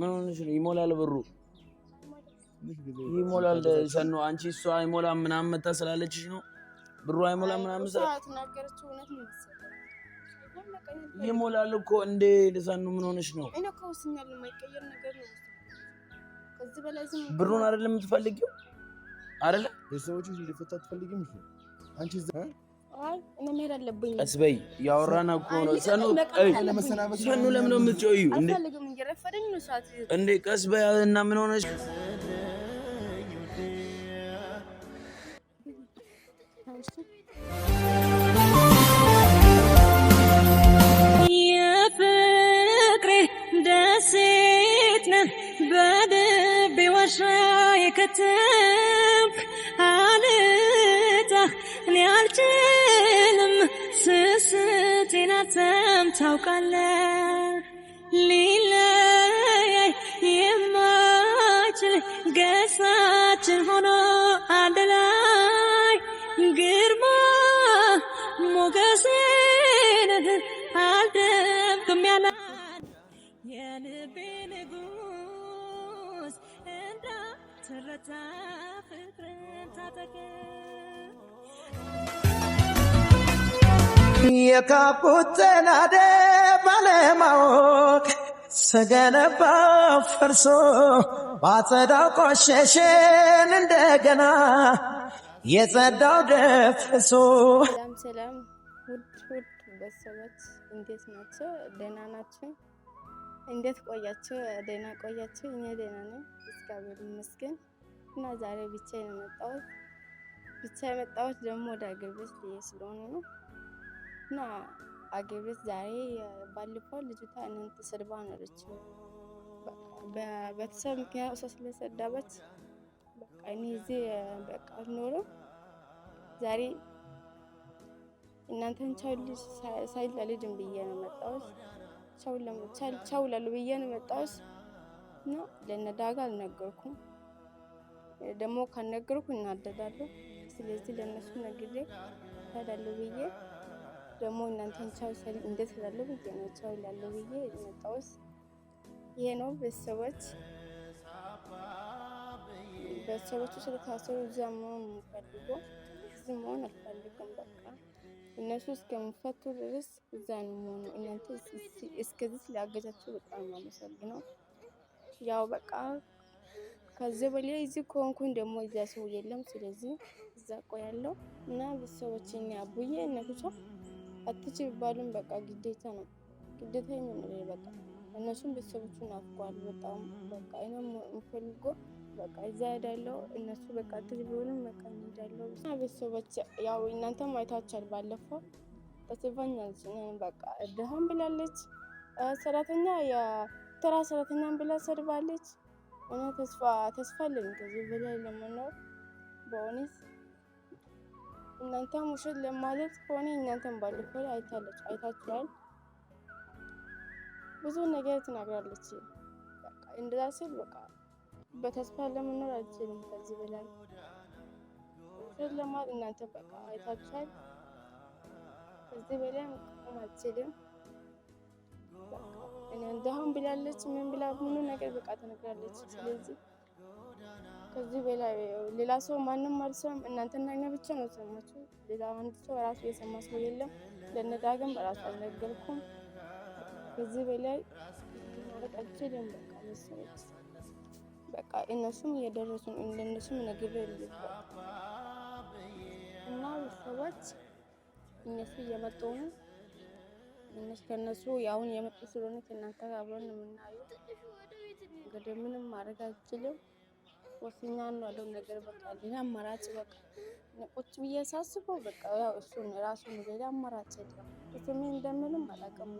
ምን ሆነሽ ነው? ይሞላል ብሩ ይሞላል። ሰኖ አንቺ እሷ አይሞላ ምናምን መታ ስላለችሽ ነው ብሩ አይሞላም ምናምን ይሞላል እኮ እንዴ! ሰኖ ምን ሆነሽ ነው? ብሩን አይደለም የምትፈልጊው አይደለ? የሰዎች እንዲፈታ ትፈልጊም አንቺ መሄድ አለብኝ። ቀስ በይ፣ እኮ ነው። ሰኑ ለምን ነው የምትጮይው? እንደ ቀስ በይ እና ምን ሆነሽ? ታውቃለ ሊለያይ የማችል ገጻችን ሆኖ አንድ ላይ ግርማ ሞገሴን አልደብቅም ያለ የልቤ ንጉሥ እንዳትረታ ፍቅርን ታጠቅ የካቡትን አደ ባለማወቅ ስገነባ ፈርሶ ባጸዳው ቆሸሽን እንደገና የጸዳው ደፍርሶ። ሰላም ሰላም፣ ውድ ውድ ቤተሰቦች እንዴት ናቸው? ደህና ናቸው? እንዴት ቆያቸው? ደህና ቆያቸው? እኔ ደህና ነኝ፣ እግዚአብሔር ይመስገን። እና ዛሬ ብቻ የመጣሁት ብቻ የመጣሁት ደግሞ ወደ አገር ቤት ስለሆነ ነው እና አጌ ዛሬ ባለፈው ልጅቷ እናንተ ስድባ ነች። በቤተሰብ ምክንያት እሷ ስለሰዳበች በቃ እኔ እዚህ በቃ አልኖርም። ዛሬ እናንተን ቻው ልጅ ሳይል ለልጅም ብዬ ነው መጣሁት። ቻው ለምቻል ቻው ለሉ ብዬ ነው መጣሁት እና ለነዳጋ አልነገርኩም። ደግሞ ካልነገርኩ እናደዳለሁ። ስለዚህ ለነሱ ነግሬ ታዳለሁ ብዬ ደግሞ እናንተን ቻው ሰል እንዴት እላለሁ ብዬ ነው ቻው እላለሁ ብዬ የመጣሁት። ይሄ ነው ቤተሰቦች ቤተሰቦቹ ስለታሰሩ እዛ መሆን የምፈልገ እዚህ መሆን አልፈልግም። በቃ እነሱ እስከምፈቱ ድረስ እዛ ነው መሆኑ። እናንተ እስከዚህ ስላገዛችሁ በጣም የማመሰግነው። ያው በቃ ከዚህ በላይ እዚህ ከሆንኩኝ ደግሞ እዚያ ሰው የለም። ስለዚህ እዛ ቆያለሁ እና ቤተሰቦች አቡዬ እነሱ አትች ቢባሉም በቃ ግዴታ ነው ግዴታ ይሆናል። በቃ እነሱም ቤተሰቦቹን ናፍቋል በጣም በቃ እኔም እንፈልጎ በቃ እዛ ሄዳለው እነሱ በቃ ትች ቢሆንም በቃ ሄዳለው እና ቤተሰቦች ያው እናንተ አይታችኋል ባለፈው ተስፋኛች በቃ እድሃም ብላለች ሰራተኛ የተራ ሰራተኛም ብላ ሰድባለች። እኔ ተስፋ ተስፋ አለኝ ከዚህ በላይ ለመኖር በእውነት እናንተ ውሸት ለማለት ከሆነ እናንተን ባለፈ አይታለች አይታችኋል። ብዙ ነገር ትናግራለች። እንደዛ ስል በቃ በተስፋ ለመኖር አልችልም። ከዚህ በላይ ውሸት ለማለት እናንተ በቃ አይታችኋል። ከዚህ በላይ መቆም አልችልም። እንደሁም ብላለች። ምን ብላ ምኑ ነገር በቃ ትነግራለች። ስለዚህ ከዚህ በላይ ሌላ ሰው ማንም አልሰማም። እናንተና እኛ ብቻ ነው የሰማችሁ። ሌላ አንድ ሰው ራሱ የሰማ ሰው የለም። ለነዳግም በራሱ አልነገርኩም። ከዚህ በላይ ማለት በቃ መሰለኝ በቃ እነሱም እየደረሱ እንደነሱም ነግሬ እና ሰዎች እነሱ እየመጡ ነው። እነሱ ከነሱ አሁን የመጡ ስለሆነ ከእናንተ ጋር አብረን የምናየው እንግዲህ ምንም ማድረግ አልችልም። ወስኛ ነው ያለው ነገር በቃ ሌላ አማራጭ በቃ ቁጭ ብዬ ሳስበው በቃ ያው እሱን ራሱን ሌላ አማራጭ የለም። ስሜ እንደምንም አላውቅም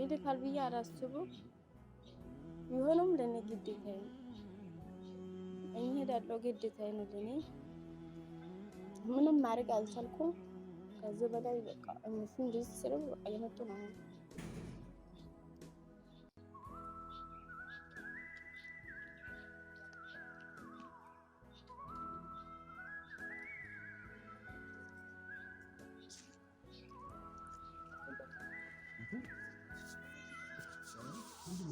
ይልካል ብዬ አላስብም። ቢሆንም ለእኔ ግዴታ ነው እሄዳለሁ፣ ግዴታ ነው ለእኔ ምንም ማድረግ አልቻልኩም። ከዚህ በላይ በቃ እነሱ እንደዚህ ስለው በቃ የመጡ ነው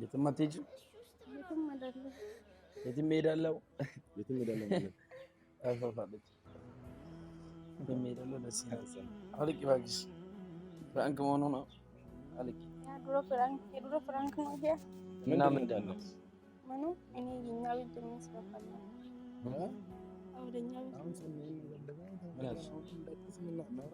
የትም አትሄጂም? የትም እሄዳለሁ። አፈፋለች የትም እሄዳለሁ። ደስ ይላል። አውልቂ እባክሽ፣ ፍራንክ መሆኑ ነው። የድሮ ፍራንክ ነው። እና ምንድን ነው ምኑ? እኔ የኛ ቤት የሚያስገባል ለምንም በቃ እሄዳለሁ። ቤተሰቦቹ ታስሮ እሄዳለሁ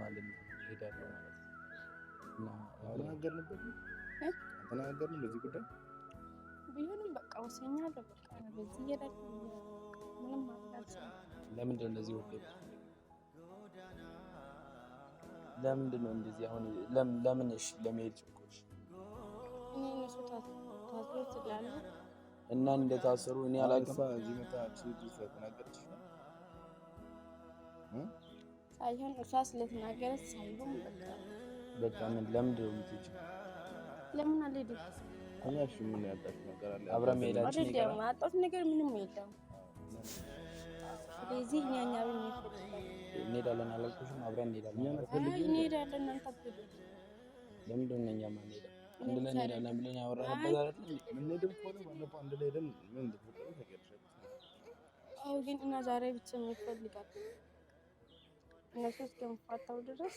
ማለት ነው። አልተናገርንም በዚህ ጉዳይ ቢሆንም በቃ ወሰኛለሁ። በቃ በዚህ እየዳለ ምንም ማፍላት ለምንድን ነው እንደዚህ ወደድኩ? ለምንድን ነው እንደዚህ አሁን ለምን እሺ ለመሄድ ጭቆሽ እና እንደታሰሩ እኔ አላቅም። እዚህ መታች ልጅ ሳይሆን እሷ ስለተናገረች ሳይሆን በቃ በቃ ምን ለምንድን ነው የምትሄጂው? ለምን አልሄድም። እሺ ምን ያጣሽ ነገር አለ? አብረን መሄዳችን አይደለም አጣሁት ነገር ምንም የለም። ስለዚህ እኛ እኛ እንሄዳለን አላልኩሽም? አብረን እንሄዳለን እንሄዳለን። እናንተ ለምንድን ነው እኛ የማንሄደው? አንድ ላይ እንሄዳለን ብለን ያወራንበት አይደል? የምንሄድም ላይ ምን ግን እና ዛሬ ብቻ የሚፈልጋል እነሱ እስከምፋታው ድረስ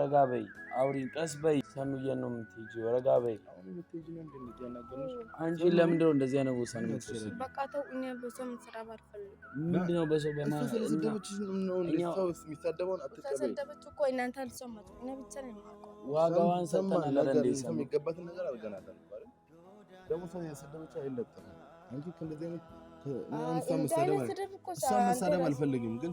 ረጋ በይ አውሪ፣ ቀስ በይ ሰኑዬን ነው የምትሄጂው። ረጋ በይ አንቺ። ለምንድን ነው እንደዚህ አይነት ውሳኔ የምትወስጂው? ምንድን ነው በሰው ዋጋዋን ሰጥተናል። የሚገባትን ነገር አድርገናታል። ደግሞ ሰው ያሰደበች አልፈልግም፣ ግን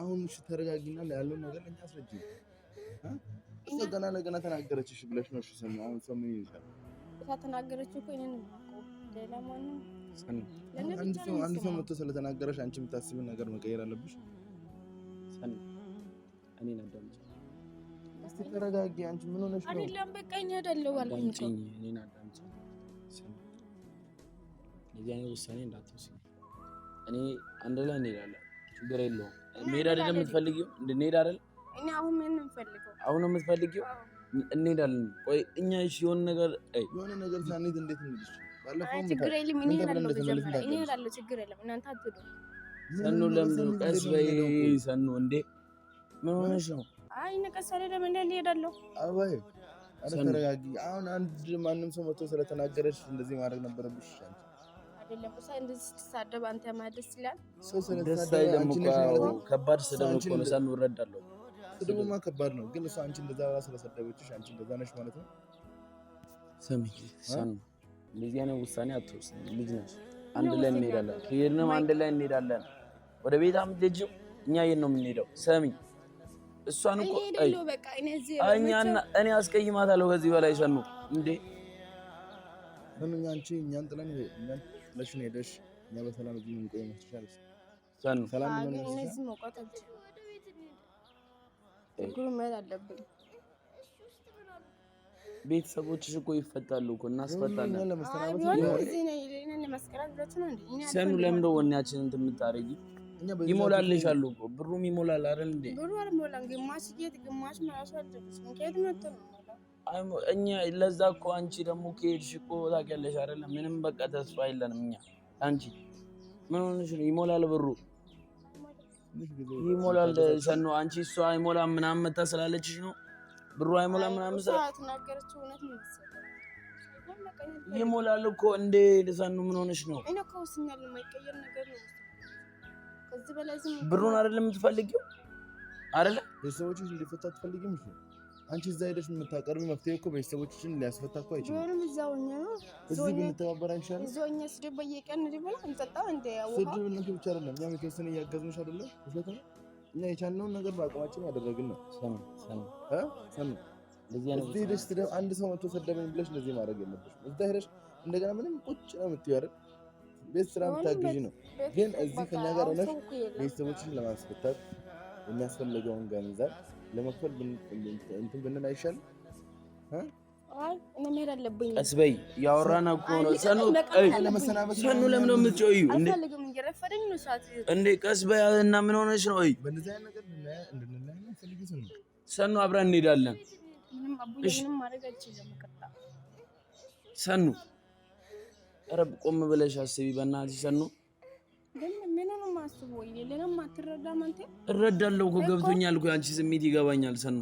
አሁን ተረጋጊና ያለውን ነገር ለእኛ አስረጅ። እሷ ገና ለገና ተናገረችሽ ብለሽ ነው አንድ ሰው መጥቶ ስለተናገረሽ አንቺ የምታስብን ነገር መቀየር አለብሽ። ተረጋጊ። አንቺ ምን ሆነሽ ነው? አይደለም በቃ አይደለሁ አልኩኝ። እኔን አዳምጪኝ። እንደዚህ አይነት ውሳኔ እንዳትወስኝ እኔ አንድ ላይ እንሄዳለን። ችግር የለውም። እንሄድ አይደለም የምትፈልጊው? እንድንሄድ አይደል? እኔ አሁን ምን እንፈልገው? አሁን ነው የምትፈልጊው? እንሄዳለን። ቆይ እኛ እሺ፣ የሆነ ነገር የሆነ ነገር ሳንሄድ እንዴት እንሄድ? ባለፈው ችግር የለም። እኔ እሄዳለሁ። በጀመረ እኔ እሄዳለሁ። ችግር የለም። እናንተ አትዱ። ሰኑ ለምን ቀስ በይ ሰኑ። እንዴ ምን ሆነሽ ነው? አይ ነቀስ አይደለም። እንዴ እንሄዳለሁ አባይ አረ ተረጋጊ። አሁን አንድ ማንም ሰው መጥቶ ስለተናገረሽ እንደዚህ ማድረግ ነበረብሽ ይሻላል። አይደለም። እሷ እንደዚህ ስትሳደብ አንተ ማን ይላል? ከባድ ስድብ እኮ ነው። ሳንወረዳለሁ ስድቡማ ከባድ ነው። ግን እሷ አንቺ እንደዛ ብላ ስለሰደበችሽ አንቺ እንደዛ ነሽ ማለት ነው። ስሚ ሰኑ፣ እንደዚህ አይነት ውሳኔ አትወስኝ። ልጅ ነሽ። አንድ ላይ እንሄዳለን። ከሄድንም አንድ ላይ እንሄዳለን። ወደ ቤታም ልጅ እኛ የት ነው የምንሄደው? ሰሚ እሷን እኮ እኛና እኔ አስቀይማታለሁ ከዚህ በላይ ሰኑ እንዴ እኛን ጥለን ጥለሽን ሄደሽ እኛ በሰላም እዚህ የምንቆይ ይመስልሻል? ሰላም እዚህ መውጣት አልችልም። ችግሩ መሄድ አለብን። ቤተሰቦችሽ እኮ ይፈታሉ እኮ እናስፈታለን። ሰኑ ለምዶ ወኔያችንን ትምታረጊ ይሞላልሻሉ እኮ ብሩም ይሞላል አይደል እንዴ? ብሩ አልሞላም። ግማሽ ጌት ግማሽ ምናምን አልደረስኩም። ከየት መጥቶ ነው እኛ ለዛ እኮ አንቺ ደግሞ ከሄድሽ እኮ ታውቂያለሽ አይደለም? ምንም በቃ ተስፋ የለንም እኛ። አንቺ ምን ሆነሽ ነው? ይሞላል ብሩ ይሞላል። ሰኖ አንቺ እሷ አይሞላም ምናምን መታ ስላለችሽ ነው ብሩ አይሞላም ምናምን ይሞላል እኮ እንዴ! ሰኖ ምን ሆነሽ ነው? ብሩን አይደለም የምትፈልጊው አይደለ? የሰዎች እንዲፈታ ትፈልጊም አንቺ እዛ ሄደሽ የምታቀርቢ መፍትሄ እኮ ቤተሰቦችን ሊያስፈታ እኮ አይችልም። ምንም እዛው ነው እዚህ ብንተባበር አይሻልም? እዛው ነው ስድብ በየቀን ሊበላ እንጠጣው እንደ ያው ስድብ እናንተ ብቻ አይደለም እኛም የተወሰነ አይደለ አይደለም ነው። እና የቻልነውን ነገር በአቅማችን ያደረግን ነው። ሰሙ ሰሙ እ ሰሙ እዚህ ሄደሽ ስድብ አንድ ሰው መቶ ሰደበኝ ብለሽ እንደዚህ ማድረግ የለብሽ። እዛ ሄደሽ እንደገና ምንም ቁጭ ነው የምትይው አይደል? ቤት ስራ የምታግዢ ነው። ግን እዚህ ከኛ ጋር ሆነሽ ቤተሰቦችን ለማስፈታት የሚያስፈልገውን ገንዘብ ለመክፈል እንትን ብንል አይሻልም? መሄድ ቀስ በይ፣ ያወራን እኮ ነው። ሰኑ ለምን ነው የምትጮይው? እንዴ ቀስ በይ እና ምን ሆነች ነው? እይ ሰኑ፣ አብረን እንሄዳለን። ሰኑ፣ ረብ ቆም ብለሽ አስቢ በእናትሽ ሰኑ አስቦ እረዳለሁ እኮ ገብቶኛል እኮ አንቺ ስሜት ይገባኛል። ሰኑ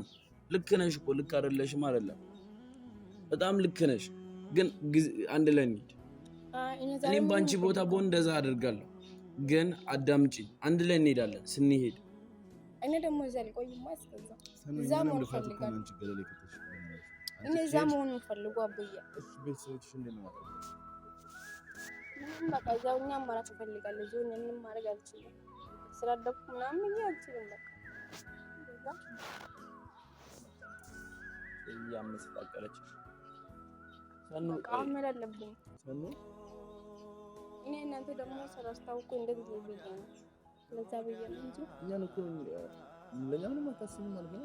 ልክ ነሽ እኮ ልክ አይደለሽም አይደለም፣ በጣም ልክ ነሽ። ግን አንድ ላይ እንሂድ። እኔም በአንቺ ቦታ በሆን እንደዛ አደርጋለሁ። ግን አዳምጪ፣ አንድ ላይ እንሄዳለን። ስንሄድ እኔ ደግሞ እዛ ሊቆይማ አስገዛ እዛ መሆን ፈልጋለሁ። እኔ እዛ መሆን ፈልጓ ብያ በቃ እዛው እኛ አማራት እንፈልጋለን። ዞን ምንም ማድረግ አልችልም። ስላደኩ ምናምን እ አልችልም በቃ እያመሰቃቀለች መቃወም አለብኝ እኔ እናንተ ደግሞ ስላስታውኩ እንደዚህ ብዬ ነው ለዛ ብዬ ነው እንጂ እኛን እኮ ለእኛ ምንም አታስብም ማለት ነው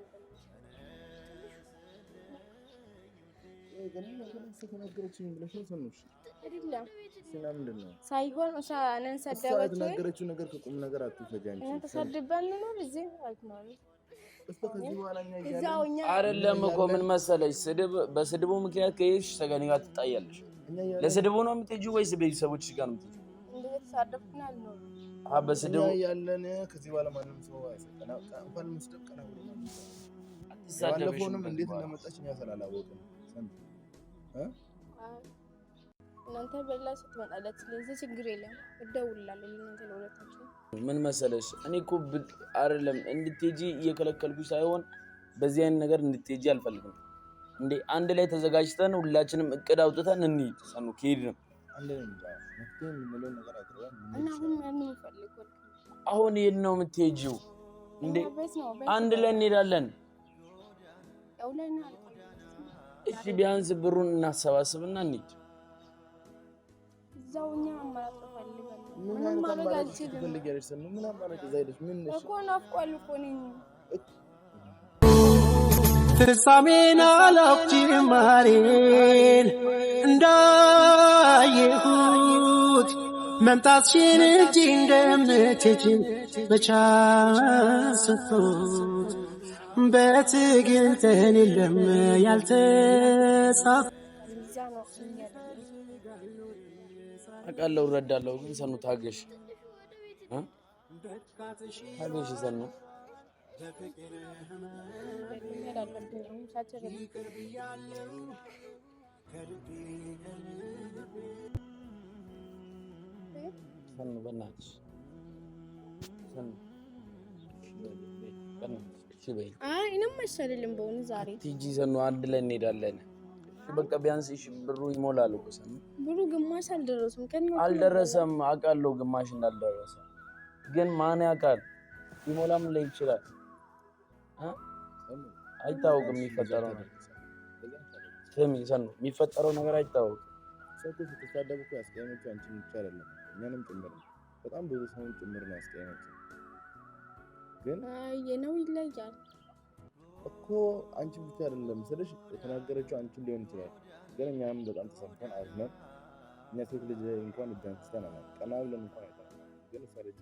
ሳይሆን እሷ እኔን ሰደበች። የተናገረችው ነገር ከቁም ነገር አይደለም እኮ ምን መሰለሽ፣ ስድብ በስድቡ ምክንያት ከሄድሽ ተገኒ ጋር ትጣያለሽ። ለስድቡ ነው የምትሄጂው ወይስ ቤተሰቦችሽ ጋር ነው የምትሄጂው? በስድቡ ያለን ከዚህ በኋላ ማንም ሰው አትሳደብሽ። እንዴት እንደመጣች እኛ ስላላወቅን እናንተ በላ ስትመጣለት። ስለዚህ ችግር የለም እደውልላለሁ ለእናንተ ለሁለታችሁ። ምን መሰለሽ እኔ እኮ አይደለም እንድትሄጂ እየከለከልኩሽ ሳይሆን በዚህ አይነት ነገር እንድትሄጂ አልፈልግም። እንዴ አንድ ላይ ተዘጋጅተን ሁላችንም እቅድ አውጥተን እንሂድ። ሰኑ ከሄድ ነው አሁን የት ነው የምትሄጂው? እንዴ አንድ ላይ እንሄዳለን። እሺ ቢያንስ ብሩን እናሰባስብና እንሂድ። ፍጻሜን አላውቅ ጅማሬን እንዳየሁት መምጣትሽን እጅ እንደምትችል ብቻ ስቶት በትግል ተኔለም ያልተጻፈ አውቃለሁ፣ እረዳለሁ። ግን ሰኑ ታገሽ ታገሽ ሰኑ ሰኑ በእናትሽ ሰኑ ዛሬ አንድ ላይ እንሄዳለን። በቃ ቢያንስ እሺ ብሩ ይሞላል። ብሩ ግማሽ አልደረሰም፣ አልደረሰም አውቃለሁ፣ ግማሽ እንዳልደረሰ ግን ማን ያውቃል? ይሞላም ላይ ይችላል፣ አይታወቅም። የሚፈጠረው ነገር ስሚ ሰኑ፣ የሚፈጠረው ነገር አይታወቅም። ስትሳደቡ እኮ ያስቀየመችው አንቺን ብቻ አይደለም እኛንም ጭምር ነው። በጣም ብዙ ሰውን ጭምር ነው ያስቀየመችው። ግን ነው ይለያል እኮ አንቺ ብቻ አይደለም ስለሽ የተናገረችው አንቺን ሊሆን ይችላል። ግን እኛም በጣም ተሰምተን አዝነን እኛ ሴት ልጅ እንኳን እጅ አንስተን ቀና ብለን እንኳን ግን እሷ ልጅ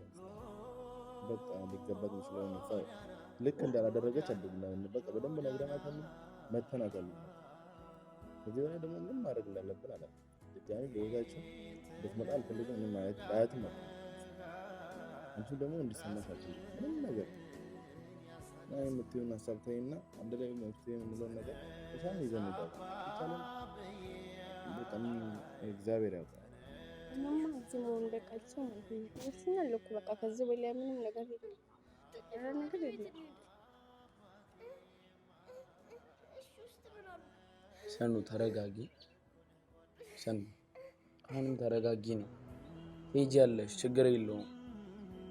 በጣም ሊገባት ይችላል። ልክ እንዳላደረገች አደግናል። በቃ በደንብ ነግረናታል፣ መተናገል ከዚህ በላይ ደግሞ ምን ማድረግ እንዳለብን አለ ድጋሚ በቤታችን ልትመጣ አልፈልግም ማለት ላያትም አንቺ ደግሞ እንዲሰማሻቸው ምንም ነገር ና የምትሆን ሀሳብ ታይና አንድ ላይ መፍትሄ ነገር በጣም ይዘንዳል። በጣም እግዚአብሔር ያውቃል። እዚህ መሆን በቃቸው በቃ ከዚህ በላይ ምንም ነገር የቀረ ነገር የለም። ሰኑ ተረጋጊ። ሰኑ አሁንም ተረጋጊ ነው ሂጂ ያለሽ ችግር የለውም።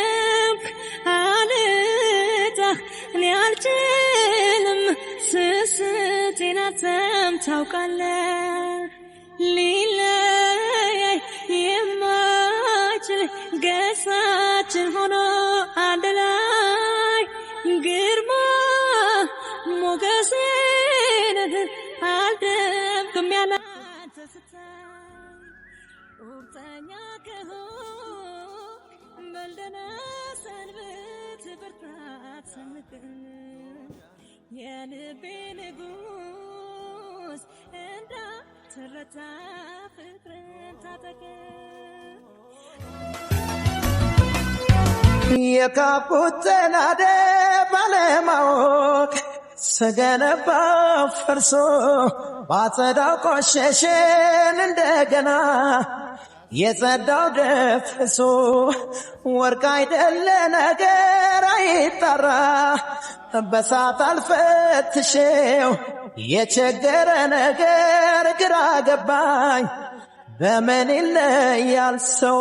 ከደረብ አልታ እኔ አልችልም ስስቴን አንተም ታውቃለህ ሊለያይ የማችል ገጻችን ሆኖ አንድ ላይ ግርማ ሞገሴን አልደብቅም ያለ አንተ ቁርጠኛ ከሆነ በልደና ሰንብት ብርታት ሰንቅን የልቤ ንጉስ እንዳትረታ ፍቅርን ታጠቅ የካቡት ጤናዴ ባለማወቅ ስገነባ ፈርሶ ባጸዳው ቆሸሸን እንደገና የጸዳው ደፍሶ ወርቅ አይደለ ነገር አይጠራ በሳት አልፈትሼው የቸገረ ነገር ግራ ገባኝ በምን ይለያል ሰው